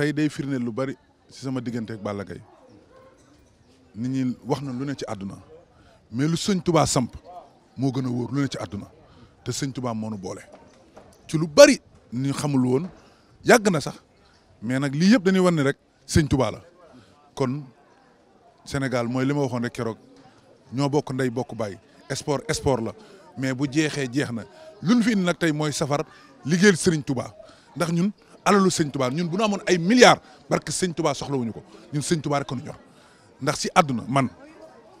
tey day firndeel lu bari ci sama diggante ak Balla Gaye nit ñi wax na lu ne ci àdduna mais lu sëñ tubaa samp moo gën a wóor lu ne ci àdduna te sëñ tubaa moo nu boole ci lu bari ni xamul woon yàgg na sax mais nag lii yëpp dañuy wan ne rek sëñ tubaa la kon Sénégal mooy li ma waxoon rek keroog ñoo bokk ndey bokk baay sport sport la mais bu jeexee jeex na luñ fi nag tey mooy safar liggéey sëriñ tubaa ndax ñun alalu sëñ Touba ñun bu ñu amoon ay milliards barke sëñ Touba ñu ko ñun sëñ Touba rek ko ñor ndax si àdduna man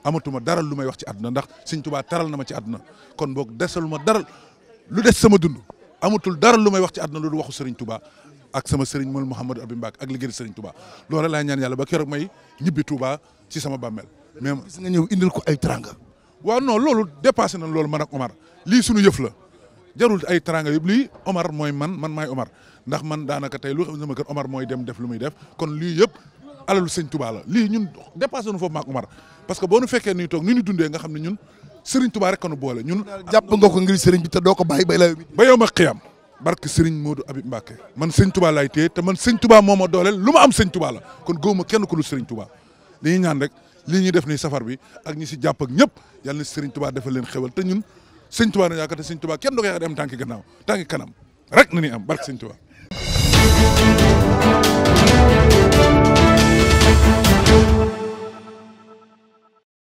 amatuma dara lu may wax ci àdduna ndax sëñ Touba taral na ma ci àdduna kon boog ma dara lu des sama dund amatul dara lu may wax ci àdduna du waxu sëriñ tubaa ak sama sëriñ moom Mouhamadou Abim Mbacke ak liggéeyu sëriñ Touba loolu laa ñaan yàlla ba keroog may ñibbi tubaa ci sama bàmmeel. même gis ñëw indil ko ay tranga waa non loolu dépassé na loolu man ak Omar lii suñu yëf la. jarul ay teranga yeb li Omar moy man man may Omar ndax man danaka tay lu xamna Omar moy dem def lu muy def kon li yeb alal sëñ Touba la li ñun dépassé nu foofu mak Omar parce que bo nu fekke ni tok ni ñu dundé nga xamni ñun Serigne Touba rek kanu bolé ñun. japp nga ko ngir Serigne bi te doo ko la. ba yow ma barke Serigne Modou mbake man sëñ Touba lay té te man sëñ Touba moo am sëñ Touba la kon góoma kenn ku lu Serigne Touba dañuy ñaan rek li ñuy def ni safar bi ak ñi si japp ak ñep yalla Serigne Touba defal leen xewal te ñun sëñ Tuubaa na yaakaar te sëñ Tuubaa kenn du ko yaakaar dem tànki gannaaw tànki kanam rek na ñuy barke sëñ Tuubaa